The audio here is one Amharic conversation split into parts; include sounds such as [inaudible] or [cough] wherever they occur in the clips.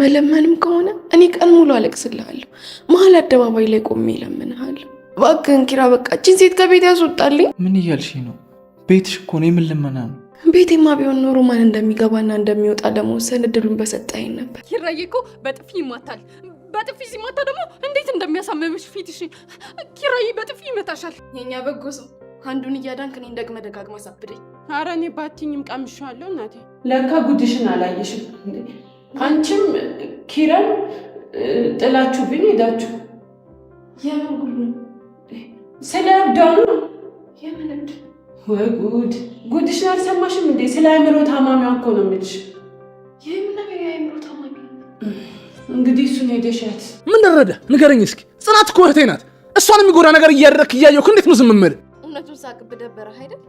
መለመንም ከሆነ እኔ ቀን ሙሉ አለቅስልሃለሁ። መሀል አደባባይ ላይ ቆሜ እለምንሃለሁ። እባክህን ኪራ፣ በቃ እችን ሴት ከቤት ያስወጣልኝ። ምን እያልሽ ነው? ቤትሽ እኮ ነው። የምን ልመና ነው? ቤቴማ ቢሆን ኖሮ ማን እንደሚገባና እንደሚወጣ ለመወሰን እድሉን በሰጠኝ ነበር። ኪራዬ እኮ በጥፊ ይማታል። በጥፊ ሲማታ ደግሞ እንዴት እንደሚያሳምምሽ ፊትሽ። ኪራዬ በጥፊ ይመታሻል። የኛ በጎ ሰው አንዱን እያዳንክ እኔን ደግመ ደጋግማ ሳብደኝ። ኧረ እኔ ባትኝም ቀምሻለሁ እናቴ። ለካ ጉድሽን አላየሽም። አንቺም ኪራን ጥላችሁ ብን ሄዳችሁ የምን ጉድ ነው? ስለ እብዳኑ የምን እብድ ወይ ጉድ! ጉድሽን አልሰማሽም እንዴ? ስለ አእምሮ ታማሚ እኮ ነው የምልሽ። የምን ታማሚ? እንግዲህ እሱን ሄደሻት ምን ደረደ ንገረኝ እስኪ። ጽናት እኮ እህቴ ናት። እሷን የሚጎዳ ነገር እያደረክ እያየሁ እንዴት ነው ዝም የምልህ? እውነቱን ሳቅብ ደበረ አይደል?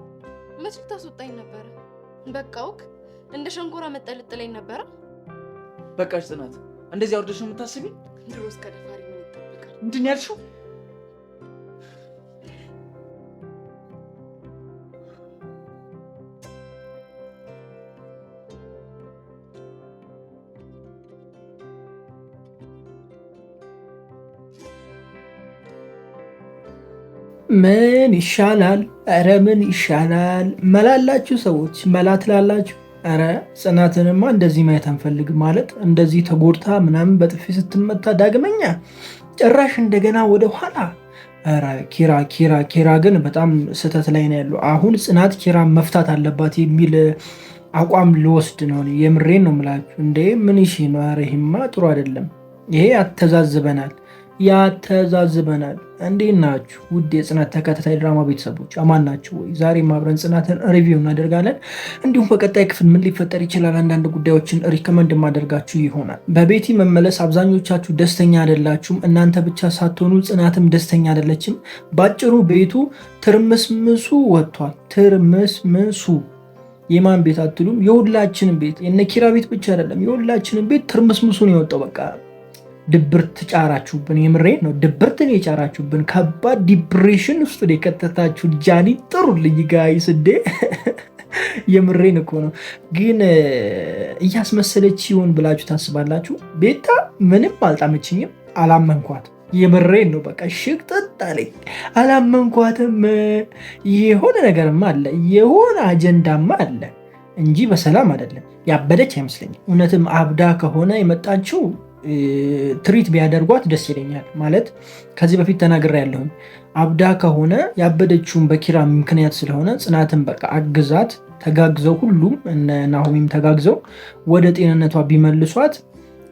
መች ታስወጣኝ ነበረ? በቃ ውክ እንደ ሸንኮራ መጠልጥለኝ ነበረ። በቃሽ ጽናት፣ እንደዚህ አውርደሽ ነው የምታስቢ? ድሮስ ከደፋሪ ምን ይጠበቃል? ምንድን ያልሽው? ምን ይሻላል? ኧረ ምን ይሻላል? መላላችሁ ሰዎች መላ ትላላችሁ። ኧረ ጽናትንማ እንደዚህ ማየት አንፈልግ ማለት እንደዚህ ተጎድታ ምናምን በጥፊ ስትመታ ዳግመኛ ጭራሽ እንደገና ወደ ኋላ ኪራ ኪራ ኪራ ግን በጣም ስህተት ላይ ነው ያለው። አሁን ጽናት ኪራ መፍታት አለባት የሚል አቋም ልወስድ ነው። የምሬን ነው የምላችሁ። እንዴ ምን ይሽ ነው? ኧረ ይሄማ ጥሩ አይደለም። ይሄ አተዛዝበናል ያተዛዝበናል። እንዴት ናችሁ ውድ የጽናት ተከታታይ ድራማ ቤተሰቦች፣ አማን ናችሁ ወይ? ዛሬ አብረን ጽናትን ሪቪው እናደርጋለን። እንዲሁም በቀጣይ ክፍል ምን ሊፈጠር ይችላል አንዳንድ ጉዳዮችን ሪከመንድ ማደርጋችሁ ይሆናል። በቤቲ መመለስ አብዛኞቻችሁ ደስተኛ አይደላችሁም። እናንተ ብቻ ሳትሆኑ ጽናትም ደስተኛ አይደለችም። ባጭሩ ቤቱ ትርምስምሱ ወጥቷል። ትርምስምሱ የማን ቤት አትሉም? የሁላችንም ቤት የነኪራ ቤት ብቻ አይደለም፣ የሁላችንም ቤት ትርምስምሱን የወጣው በቃ ድብርት ጫራችሁብን። የምሬ ነው። ድብርትን የጫራችሁብን ከባድ ዲፕሬሽን ውስጥ የከተታችሁ ጃኒ ልይ ጋይ ስዴ የምሬን እኮ ነው። ግን እያስመሰለች ይሆን ብላችሁ ታስባላችሁ? ቤታ ምንም አልጣመችኝም፣ አላመንኳት። የምሬን ነው። በቃ ሽቅጥጥ አለኝ፣ አላመንኳትም። የሆነ ነገርማ አለ፣ የሆነ አጀንዳማ አለ እንጂ በሰላም አይደለም። ያበደች አይመስለኝም። እውነትም አብዳ ከሆነ የመጣችው ትሪት ቢያደርጓት ደስ ይለኛል። ማለት ከዚህ በፊት ተናግሬ ያለሁም አብዳ ከሆነ ያበደችውን በኪራ ምክንያት ስለሆነ ጽናትን በቃ አግዛት፣ ተጋግዘው ሁሉም እነ ናሆሚም ተጋግዘው ወደ ጤንነቷ ቢመልሷት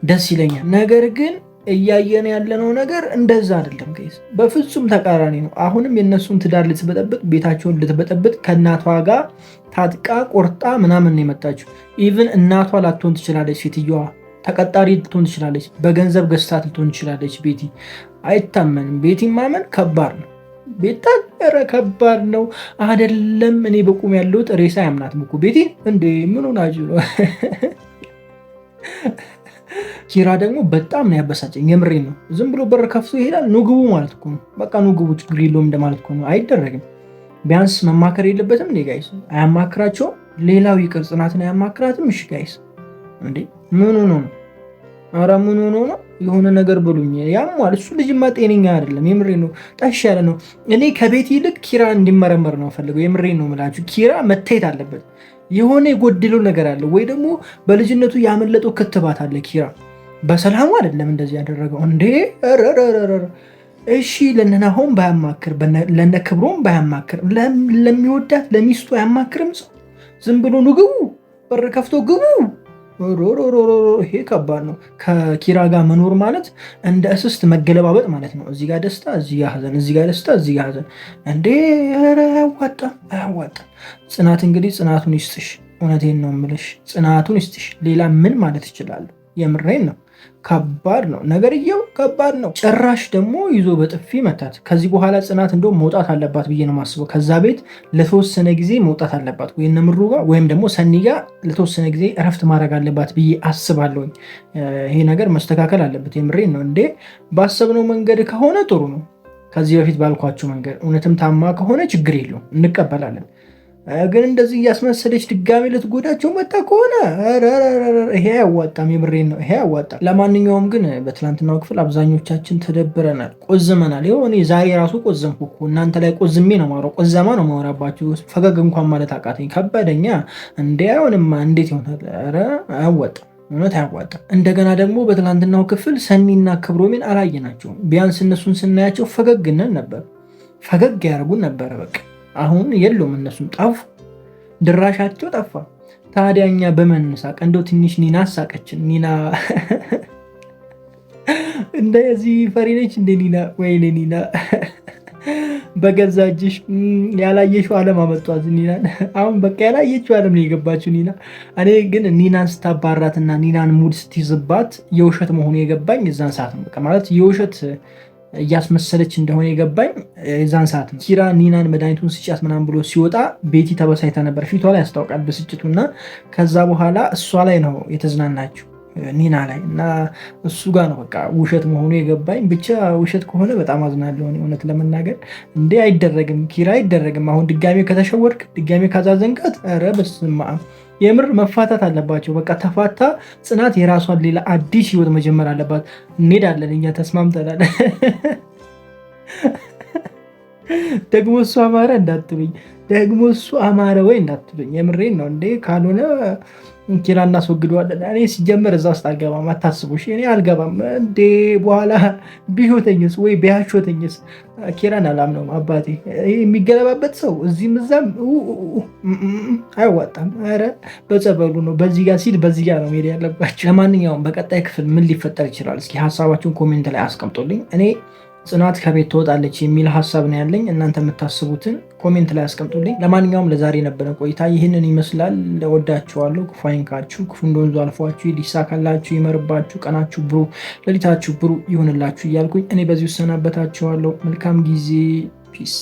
ደስ ይለኛል። ነገር ግን እያየን ያለነው ነገር እንደዛ አይደለም። ከይስ በፍጹም ተቃራኒ ነው። አሁንም የእነሱን ትዳር ልትበጠብጥ ቤታቸውን ልትበጠብጥ ከእናቷ ጋር ታጥቃ ቆርጣ ምናምን ነው የመጣችው። ኢቭን እናቷ ላትሆን ትችላለች ሴትየዋ ተቀጣሪ ልትሆን ትችላለች፣ በገንዘብ ገዝታት ልትሆን ትችላለች። ቤቲ አይታመንም። ቤቲ ማመን ከባድ ነው። ቤታ ኧረ ከባድ ነው አደለም። እኔ በቁም ያለሁት ሬሳ ያምናትም እኮ ቤቲ እንዴ ምን ሆናችሁ ነው? ኪራ ደግሞ በጣም ነው ያበሳጨኝ። የምሬ ነው። ዝም ብሎ በር ከፍቶ ይሄዳል። ኑግቡ ማለት እኮ ነው። በቃ ኑግቡ፣ ችግር የለውም እንደማለት እኮ ነው። አይደረግም። ቢያንስ መማከር የለበትም? ጋይስ አያማክራቸውም። ሌላው ይቅር ጽናትን አያማክራትም። እሺ ጋይስ እንዴ ምን ሆኖ ነው? ኧረ ምን ሆኖ ነው? የሆነ ነገር ብሉኝ። ያሟል። እሱ ልጅማ ጤነኛ አይደለም። የምሬ ነው። ጠሽ ያለ ነው። እኔ ከቤት ይልቅ ኪራ እንዲመረመር ነው ፈልገው። የምሬ ነው ምላችሁ። ኪራ መታየት አለበት። የሆነ የጎደለው ነገር አለ፣ ወይ ደግሞ በልጅነቱ ያመለጠው ክትባት አለ። ኪራ በሰላሙ አይደለም እንደዚህ ያደረገው። እንዴ እሺ ለነናሆም ባያማክር ለነ ክብሮም ባያማክር ለሚወዳት ለሚስቱ አያማክርም። ሰው ዝም ብሎ ንግቡ፣ በር ከፍቶ ግቡ ሮሮሮሮ ይሄ ከባድ ነው። ከኪራ ጋር መኖር ማለት እንደ እስስት መገለባበጥ ማለት ነው። እዚጋ ደስታ፣ እዚጋ ሐዘን፣ እዚጋ ደስታ፣ እዚጋ ሀዘን እንዴ አያዋጣም፣ አያዋጣም። ጽናት እንግዲህ ጽናቱን ይስጥሽ። እውነቴን ነው ምልሽ፣ ጽናቱን ይስጥሽ። ሌላ ምን ማለት ይችላሉ? የምሬን ነው። ከባድ ነው ነገርየው፣ ከባድ ነው። ጭራሽ ደግሞ ይዞ በጥፊ መታት። ከዚህ በኋላ ጽናት እንደውም መውጣት አለባት ብዬ ነው የማስበው። ከዛ ቤት ለተወሰነ ጊዜ መውጣት አለባት፣ ወይ እነምሩ ጋር ወይም ደግሞ ሰኒ ጋር ለተወሰነ ጊዜ እረፍት ማድረግ አለባት ብዬ አስባለሁ ይሄ ነገር መስተካከል አለበት። የምሬን ነው። እንዴ ባሰብነው መንገድ ከሆነ ጥሩ ነው። ከዚህ በፊት ባልኳቸው መንገድ እውነትም ታማ ከሆነ ችግር የለውም፣ እንቀበላለን ግን እንደዚህ እያስመሰለች ድጋሚ ልትጎዳቸው መጣ ከሆነ ይሄ አያዋጣም። የምሬን ነው፣ ይሄ አያዋጣም። ለማንኛውም ግን በትላንትናው ክፍል አብዛኞቻችን ተደብረናል፣ ቆዝመናል። የሆነ እኔ ዛሬ ራሱ ቆዘምኩ እኮ እናንተ ላይ ቆዝሜ ነው የማወራው፣ ቆዘማ ነው የማወራባችሁ። ፈገግ እንኳን ማለት አቃተኝ፣ ከበደኛ። እንዲ አይሆንማ፣ እንዴት ይሆናል? ኧረ አያዋጣም። እውነት አያዋጣም። እንደገና ደግሞ በትላንትናው ክፍል ሰኒና ክብሮሜን አላየናቸውም። ቢያንስ እነሱን ስናያቸው ፈገግ ነን ነበር፣ ፈገግ ያደርጉን ነበረ በቃ አሁን የሉም እነሱም ጠፉ፣ ድራሻቸው ጠፋ። ታዲያ እኛ በመንሳቅ እንደው ትንሽ ኒና አሳቀችን። ኒና [laughs] እንደዚህ ፈሪ ነች እንደ ኒና። ወይኔ ኒና [laughs] በገዛጅሽ ያላየሽው ዓለም አመጧት ኒና። [laughs] አሁን በቃ ያላየችው ዓለም ነው የገባችው ኒና። እኔ ግን ኒናን ስታባራትና ኒናን ሙድ ስትይዝባት የውሸት መሆኑ የገባኝ እዛን ሰዓት ነው። በቃ ማለት የውሸት እያስመሰለች እንደሆነ የገባኝ የዛን ሰዓት ነው። ኪራ ኒናን መድኃኒቱን ስጫት ምናምን ብሎ ሲወጣ ቤቲ ተበሳይታ ነበር። ፊቷ ላይ ያስታውቃል ብስጭቱ እና ከዛ በኋላ እሷ ላይ ነው የተዝናናችው ኒና ላይ እና እሱ ጋር ነው በቃ ውሸት መሆኑ የገባኝ። ብቻ ውሸት ከሆነ በጣም አዝናለሁ። እውነት ለመናገር እንደ አይደረግም፣ ኪራ አይደረግም። አሁን ድጋሜ ከተሸወድክ ድጋሜ ካዛዘንጋት ኧረ የምር መፋታት አለባቸው። በቃ ተፋታ ጽናት የራሷን ሌላ አዲስ ህይወት መጀመር አለባት። እንሄዳለን እኛ ተስማምተናል። [laughs] ደግሞ እሷ አማረ እንዳትሉኝ። ደግሞ እሱ አማረ ወይ እንዳትሉኝ፣ የምሬን ነው እንዴ! ካልሆነ ኪራ እናስወግደዋለን። እኔ ሲጀመር እዛ ውስጥ አልገባም፣ አታስቡ እኔ አልገባም እንዴ! በኋላ ቢሾተኝስ ወይ ቢያሾተኝስ? ኪራን አላምነውም አባቴ። የሚገለባበት ሰው እዚህም እዛም አይዋጣም። ኧረ በጸበሉ ነው፣ በዚህ ጋር ሲል በዚህ ጋር ነው መሄድ ያለባቸው። ለማንኛውም በቀጣይ ክፍል ምን ሊፈጠር ይችላል? እስኪ ሀሳባችሁን ኮሜንት ላይ አስቀምጦልኝ እኔ ጽናት ከቤት ትወጣለች የሚል ሀሳብ ነው ያለኝ። እናንተ የምታስቡትን ኮሜንት ላይ አስቀምጡልኝ። ለማንኛውም ለዛሬ የነበረ ቆይታ ይህንን ይመስላል። ወዳችኋለሁ። ክፉ አይንካችሁ፣ ክፉ እንደወንዙ ወንዙ አልፏችሁ፣ ይሳካላችሁ፣ ይመርባችሁ፣ ቀናችሁ ብሩ፣ ሌሊታችሁ ብሩ ይሆንላችሁ እያልኩኝ እኔ በዚህ እሰናበታችኋለሁ። መልካም ጊዜ። ፒስ